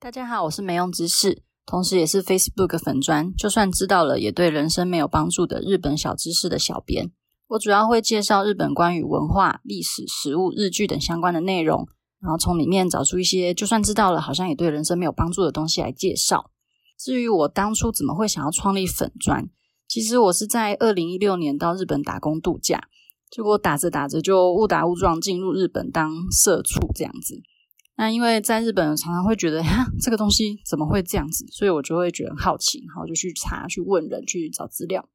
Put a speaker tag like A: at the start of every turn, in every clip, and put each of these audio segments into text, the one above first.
A: 大家好，我是梅用知世，同時也是 Facebook 粉專「就算知道了也對人生沒有幫助的日本小知識的小編。我主要會介紹日本關於文化、歷史、食物、日劇等相關的內容，然後從裡面找出一些就算知道了好像也對人生沒有幫助的東西來介紹。至於我當初怎麼會想要創立粉專，其實我是在二零一六年到日本打工度假，結果打着打着就誤打誤撞進入日本當社畜這樣子。那因為在日本常常會覺得，蛤，這個東西怎麼會這樣子？所以我就會覺得很好奇，然後就去查、去問人、去找資料。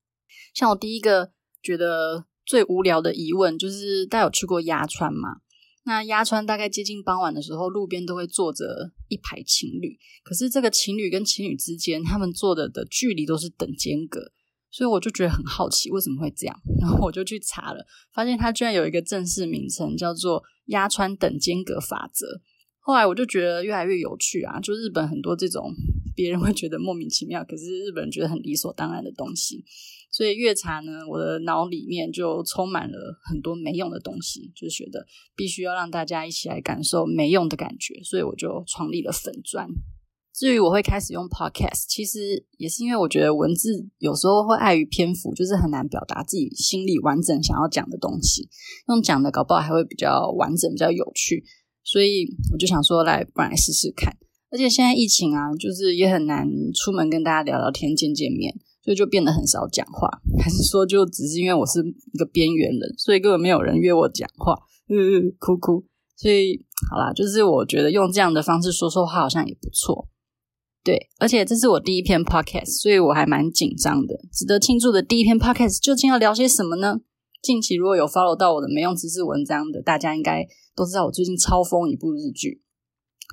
A: 像我第一個覺得最無聊的疑問，就是大家有去過鴨川嗎？那鴨川大概接近傍晚的時候，路邊都會坐着一排情侶，可是這個情侶跟情侶之間，他們坐的的距離都是等間隔，所以我就覺得很好奇，為什麼會這樣？然後我就去查了，發現它居然有一個正式名稱，叫做鴨川等間隔法則。後來我就覺得越來越有趣啊！就是，日本很多這種別人會覺得莫名其妙，可是日本人覺得很理所當然的東西。所以越查呢，我的腦裡面就充滿了很多沒用的東西，就是覺得必須要讓大家一起來感受沒用的感覺。所以我就創立了粉專。至於我會開始用 Podcast，其實也是因為我覺得文字有時候會礙於篇幅，就是很難表達自己心裡完整想要講的東西，用講的搞不好還會比較完整、比較有趣。所以我就想說，來，不然來試試看。而且現在疫情啊，就是也很難出門跟大家聊聊天、見見面，所以就變得很少講話。還是說，就只是因為我是一個邊緣人，所以根本沒有人約我講話，嗯嗯，哭哭。所以好啦，就是我覺得用這樣的方式說說話好像也不錯。對，而且這是我第一篇 Podcast，所以我還蠻緊張的。值得慶祝的第一篇 Podcast，究竟要聊些什麼呢？近期如果有 Follow 到我的沒用知識文章的，大家應該。都知道我最近超瘋一部日劇，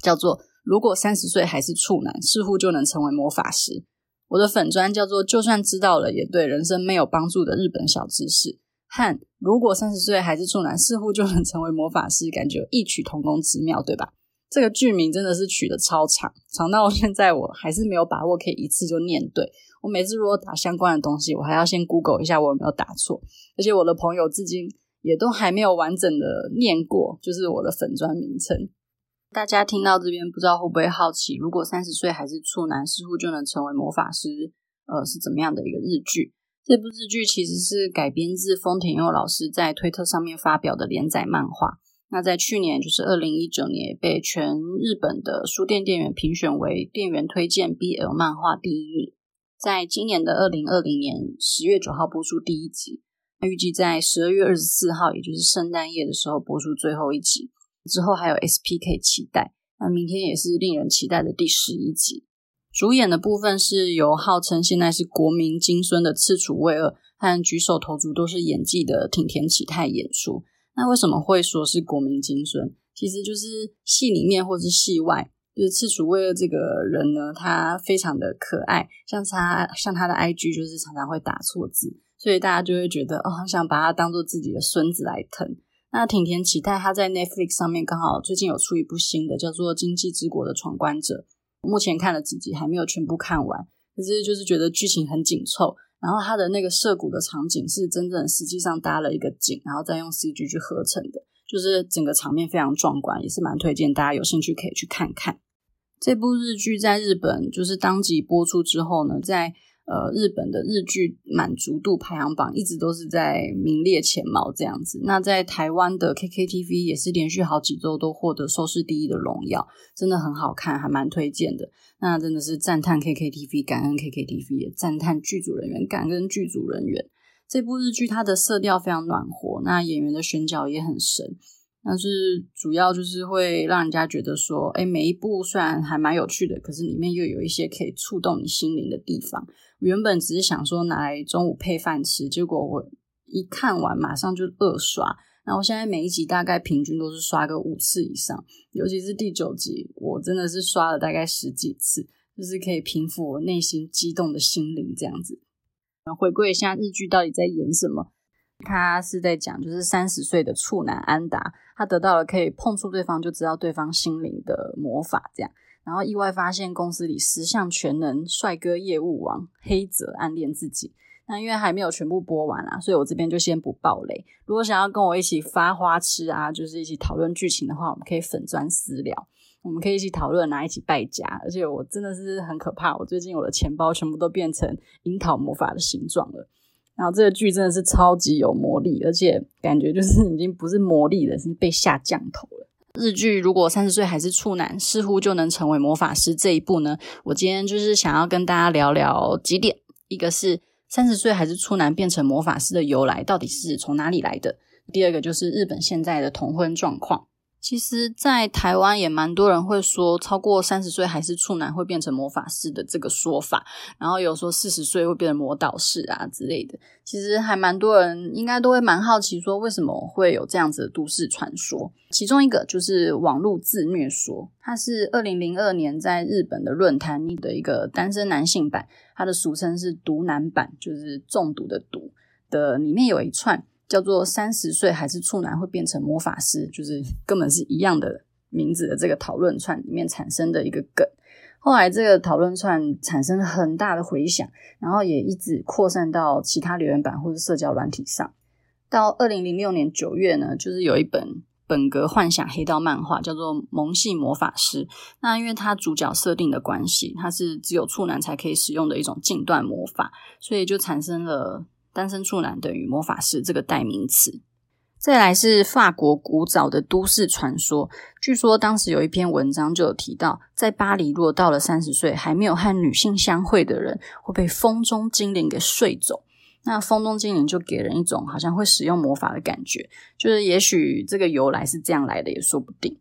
A: 叫做《如果三十歲還是處男，似乎就能成為魔法師》。我的粉專叫做《就算知道了，也對人生沒有幫助的日本小知識》。和《如果三十歲還是處男，似乎就能成為魔法師》感覺異曲同工之妙，對吧？這個劇名真的是取得超長，長到現在我還是沒有把握可以一次就念對。我每次如果打相關的東西，我還要先 Google 一下我有沒有打錯。而且我的朋友至今。也都還沒有完整的念過，就是我的粉專名稱。大家聽到這邊，不知道會不會好奇，如果三十歲還是處男，似乎就能成為魔法師，呃，是怎麼樣的一個日劇？這部日劇其實是改編自豐田佑老師在推特上面發表的連載漫畫。那在去年，就是二零一九年，被全日本的書店店員評選為店員推薦 BL 漫畫第一名，在今年的二零二零年十月九號播出第一集。預計在十二月二十四號，也就是聖誕夜的時候播出最後一集，之後還有 SPK 期待。那明天也是令人期待的第十一集，主演的部分是由號稱現在是國民金孫的赤楚衛二和舉手投足都是演技的町田啟太演出。那為什麼會說是國民金孫？其實就是戲裡面或是戲外，就是赤楚衛二這個人呢，他非常的可愛，像他像他的 IG 就是常常會打錯字。所以大家就會覺得哦，很想把它當做自己的孫子來疼。那町田啟太他在 Netflix 上面剛好最近有出一部新的，叫做《今際之國的闖關者》。目前看了幾集，還沒有全部看完。可是就是覺得劇情很緊湊，然後他的那個涉谷的場景是真正實際上搭了一個景，然後再用 CG 去合成的，就是整個場面非常壯觀，也是蠻推薦大家有興趣可以去看看。這部日劇在日本就是當集播出之後呢，在呃，日本的日劇滿足度排行榜一直都是在名列前茅這樣子。那在台灣的 KKTV 也是連續好幾週都獲得收視第一的榮耀，真的很好看，還蠻推薦的。那真的是讚嘆 KKTV，感恩 KKTV，也讚嘆劇組人員，感恩劇組人員。這部日劇它的色調非常暖和，那演員的選角也很神。但是主要就是會讓人家覺得說，誒，欸，每一部雖然還蠻有趣的，可是裡面又有一些可以觸動你心靈的地方。原本只是想說拿來中午配飯吃，結果我一看完馬上就二刷。然後現在每一集大概平均都是刷個五次以上，尤其是第九集，我真的是刷了大概十幾次，就是可以平復我內心激動的心靈這樣子。然後回歸一下日劇到底在演什麼，他是在講就是三十歲的處男安達，他得到了可以碰觸對方就知道對方心靈的魔法，這樣。然後意外發現公司裡十項全能帥哥業務王黑澤暗戀自己。那因為還沒有全部播完啊，所以我這邊就先不爆雷。如果想要跟我一起發花痴啊，就是一起討論劇情的話，我們可以粉專私聊。我們可以一起討論啊，一起敗家。而且我真的是很可怕，我最近我的錢包全部都變成櫻桃魔法的形狀了。然後這個劇真的是超級有魔力，而且感覺就是已經不是魔力了，是被下降頭了。日劇如果三十歲還是處男，似乎就能成為魔法師這一部呢，我今天就是想要跟大家聊聊幾點：一個是三十歲還是處男變成魔法師的由來到底是從哪裡來的；第二個就是日本現在的同婚狀況。其實，在台灣也蠻多人會說，超過三十歲還是處男會變成魔法師的這個說法，然後有說四十歲會變成魔導士啊之類的。其實還蠻多人應該都會蠻好奇，說為什麼會有這樣子的都市傳說？其中一個就是網絡自虐說，它是二零零二年在日本的論壇裡的一個單身男性版，它的俗稱是毒男版，就是中毒的毒的裡面有一串，叫做三十歲還是處男會變成魔法師，就是根本是一樣的名字的這個討論串裡面產生的一個梗。後來這個討論串產生了很大的回響，然後也一直擴散到其他留言板或者社交軟體上。到二零零六年九月呢，就是有一本本格幻想黑道漫畫叫做《萌系魔法師》。那因為它主角設定的關係，它是只有處男才可以使用的一種禁斷魔法，所以就產生了。單身處男等於魔法師這個代名詞，再來是法國古早的都市傳說。據說當時有一篇文章就有提到，在巴黎若到了三十歲還沒有和女性相會的人，會被風中精靈給睡走。那風中精靈就給人一種好像會使用魔法的感覺，就是也許這個由來是這樣來的也說不定。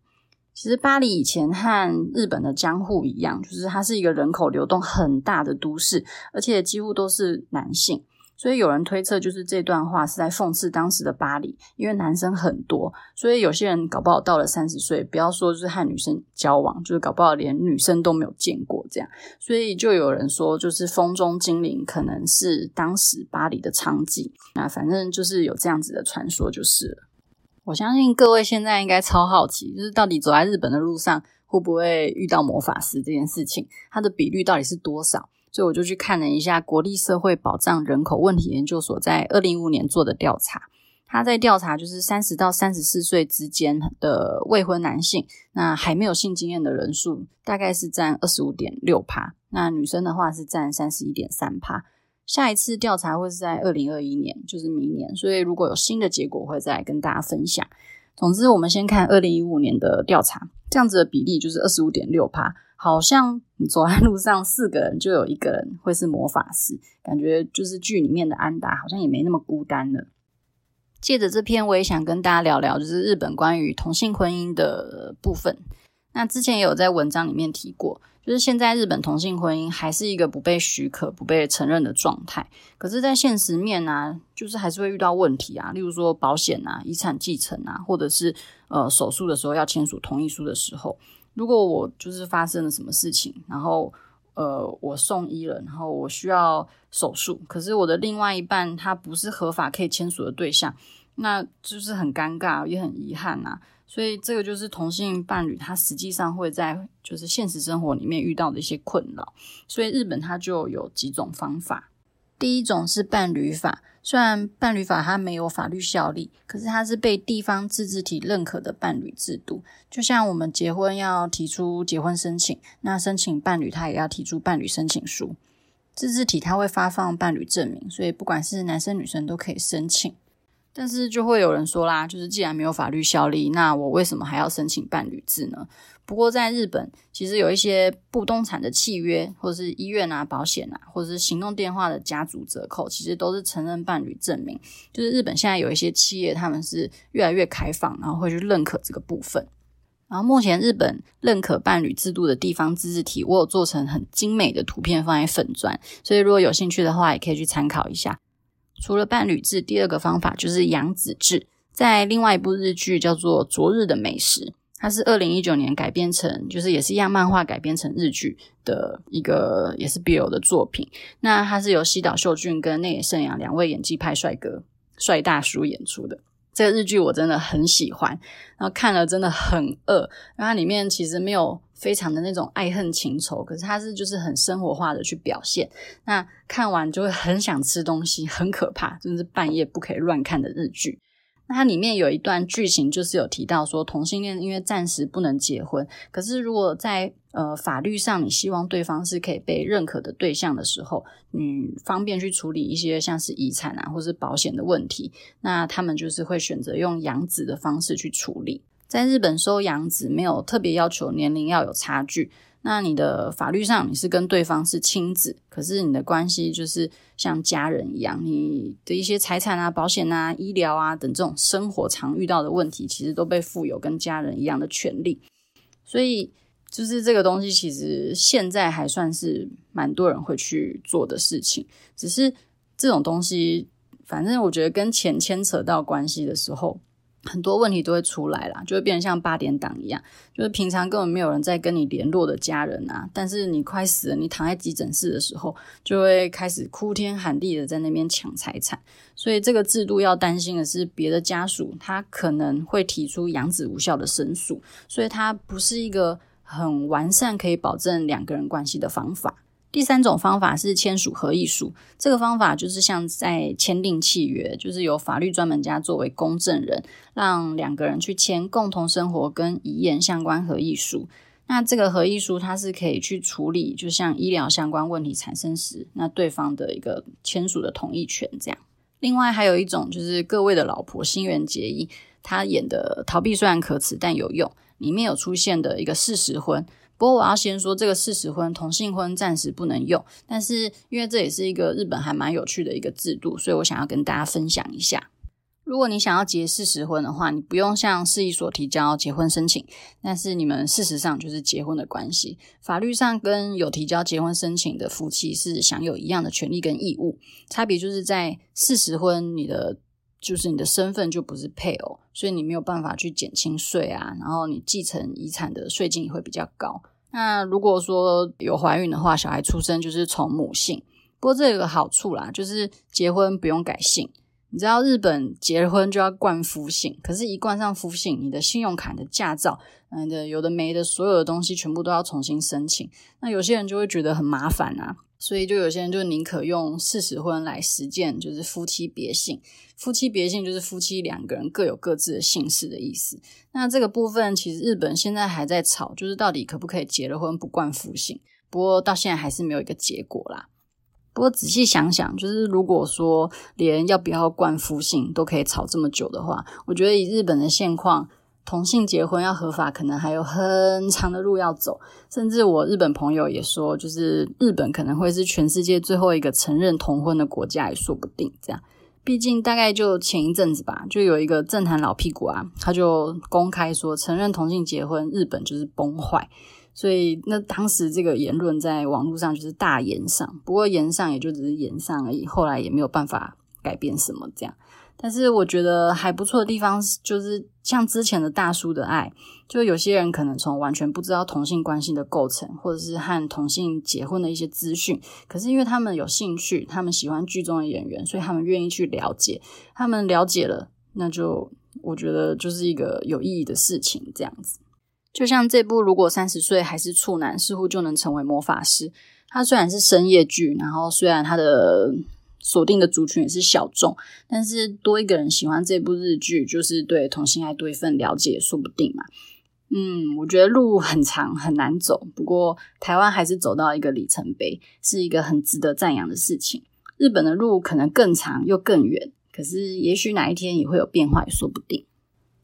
A: 其實巴黎以前和日本的江戶一樣，就是它是一個人口流動很大的都市，而且幾乎都是男性。所以有人推測，就是這段話是在諷刺當時的巴黎，因為男生很多，所以有些人搞不好到了三十歲，不要說就是和女生交往，就是搞不好連女生都沒有見過這樣。所以就有人說，就是風中精靈可能是當時巴黎的娼妓。那反正就是有這樣子的傳說，就是了。我相信各位現在應該超好奇，就是到底走在日本的路上會不會遇到魔法師這件事情，它的比率到底是多少？所以我就去看了一下國立社會保障人口問題研究所，在二零一五年做的調查。他在調查就是三十到三十四歲之間的未婚男性，那還沒有性經驗的人數大概是佔二十五點六趴。那女生的話是佔三十一點三趴。下一次調查會是在二零二一年，就是明年。所以如果有新的結果，會再來跟大家分享。總之，我們先看二零一五年的調查，這樣子的比例就是二十五點六趴。好像你走在路上，四個人就有一個人會是魔法師，感覺就是劇裡面的安達好像也沒那麼孤單了。借着這篇，我也想跟大家聊聊，就是日本關於同性婚姻的部分。那之前也有在文章裡面提過，就是現在日本同性婚姻還是一個不被許可、不被承認的狀態。可是，在現實面呢、啊，就是還是會遇到問題啊，例如說保險啊、遺產繼承啊，或者是呃手術的時候要簽署同意書的時候。如果我就是發生了什麼事情，然後呃，我送醫了，然後我需要手術，可是我的另外一半他不是合法可以簽署的對象，那就是很尷尬也很遺憾啊，所以這個就是同性伴侶他實際上會在就是現實生活裡面遇到的一些困擾。所以日本他就有幾種方法。第一種是伴侶法，雖然伴侶法它沒有法律效力，可是它是被地方自治體認可的伴侶制度。就像我們結婚要提出結婚申請，那申請伴侶它也要提出伴侶申請書。自治體它會發放伴侶證明，所以不管是男生女生都可以申請。但是就會有人說啦，就是既然沒有法律效力，那我為什麼還要申請伴侶制呢？不過在日本，其實有一些不動產的契約，或者是醫院啊、保險啊，或者是行動電話的家族折扣，其實都是承認伴侶證明。就是日本現在有一些企業，他們是越來越開放，然後會去認可這個部分。然後目前日本認可伴侶制度的地方自治體，我有做成很精美的圖片放在粉專，所以如果有興趣的話，也可以去參考一下。除了伴侶制，第二個方法就是養子制。在另外一部日劇叫做《昨日的美食》，它是二零一九年改編成，就是也是一樣漫畫改編成日劇的一個也是 BL 的作品。那它是由西島秀俊跟內野聖陽兩位演技派帥哥，帥大叔演出的。這個日劇我真的很喜歡，然後看了真的很餓。然後它裡面其實沒有非常的那種愛恨情仇，可是它是就是很生活化的去表現。那看完就會很想吃東西，很可怕，真的是半夜不可以亂看的日劇。那它裡面有一段劇情，就是有提到說同性戀因為暫時不能結婚，可是如果在呃法律上你希望對方是可以被認可的對象的時候，你方便去處理一些像是遺產啊或是保險的問題，那他們就是會選擇用養子的方式去處理。在日本收養子沒有特別要求年齡要有差距。那你的法律上你是跟對方是親子，可是你的關係就是像家人一樣，你的一些財產啊、保險啊、醫療啊等這種生活常遇到的問題，其實都被賦予跟家人一樣的權利。所以就是這個東西，其實現在還算是蠻多人會去做的事情。只是這種東西，反正我覺得跟錢牽扯到關係的時候。很多問題都會出來啦，就會變成像八點檔一樣，就是平常根本沒有人在跟你聯絡的家人啊，但是你快死了，你躺在急診室的時候，就會開始哭天喊地的在那邊搶財產，所以這個制度要擔心的是，別的家屬他可能會提出養子無效的申訴，所以他不是一個很完善可以保證兩個人關係的方法。第三種方法是簽署合意書，這個方法就是像在簽訂契約，就是由法律專門家作為公證人，讓兩個人去簽共同生活跟遺言相關合意書。那這個合意書它是可以去處理，就像醫療相關問題產生時，那對方的一個簽署的同意權這樣。另外還有一種就是各位的老婆新垣結衣，她演的逃避雖然可恥但有用，裡面有出現的一個事實婚。不過我要先說，這個事實婚、同性婚暫時不能用。但是，因為這也是一個日本還蠻有趣的一個制度，所以我想要跟大家分享一下。如果你想要結事實婚的話，你不用向市役所提交結婚申請，但是你們事實上就是結婚的關係，法律上跟有提交結婚申請的夫妻是享有一樣的權利跟義務，差別就是在事實婚你的。就是你的身份就不是配偶，所以你沒有辦法去減輕稅啊，然後你繼承遺產的稅金也會比較高。那如果說有懷孕的話，小孩出生就是從母姓。不過這有個好處啦，就是結婚不用改姓。你知道日本結婚就要冠夫姓，可是一冠上夫姓，你的信用卡、你的駕照，嗯的有的沒的，所有的東西全部都要重新申請。那有些人就會覺得很麻煩啊。所以，就有些人就寧可用事實婚來實踐，就是夫妻別姓。夫妻別姓就是夫妻兩個人各有各自的姓氏的意思。那這個部分，其實日本現在還在吵，就是到底可不可以結了婚不冠夫姓？不過到現在還是沒有一個結果啦。不過仔細想想，就是如果說連要不要冠夫姓都可以吵這麼久的話，我覺得以日本的現況，同性結婚要合法，可能還有很長的路要走。甚至我日本朋友也說，就是日本可能會是全世界最後一個承認同婚的國家，也說不定。這樣，畢竟大概就前一陣子吧，就有一個政壇老屁股啊，他就公開說承認同性結婚，日本就是崩壞。所以那當時這個言論在網絡上就是大炎上，不過炎上也就只是炎上而已，後來也沒有辦法。改變什麼這樣？但是我覺得還不錯的地方就是，像之前的大叔的愛，就有些人可能從完全不知道同性關係的構成，或者是和同性結婚的一些資訊，可是因為他們有興趣，他們喜歡劇中的演員，所以他們願意去了解。他們了解了，那就我覺得就是一個有意義的事情。這樣子，就像這部《如果三十歲還是處男，似乎就能成為魔法師》，它雖然是深夜劇，然後雖然它的鎖定的族群也是小眾，但是多一個人喜歡這部日劇，就是對同性愛多一份了解，也說不定嘛。嗯，我覺得路很長很難走，不過台灣還是走到一個里程碑，是一個很值得讚揚的事情。日本的路可能更長又更遠，可是也許哪一天也會有變化，也說不定。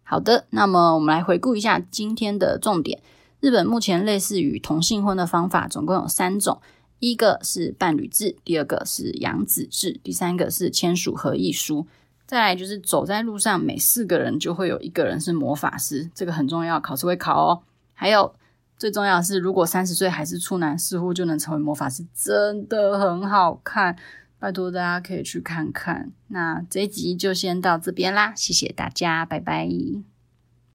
A: 好的，那麼我們來回顧一下今天的重點。日本目前類似於同性婚的方法，總共有三種。一個是伴侶制，第二個是養子制，第三個是簽署合意書。再來就是走在路上，每四個人就會有一個人是魔法師，這個很重要，考試會考哦。還有最重要的是，如果三十歲還是處男，似乎就能成為魔法師，真的很好看，拜托大家可以去看看。那這一集就先到這邊啦，謝謝大家，拜拜。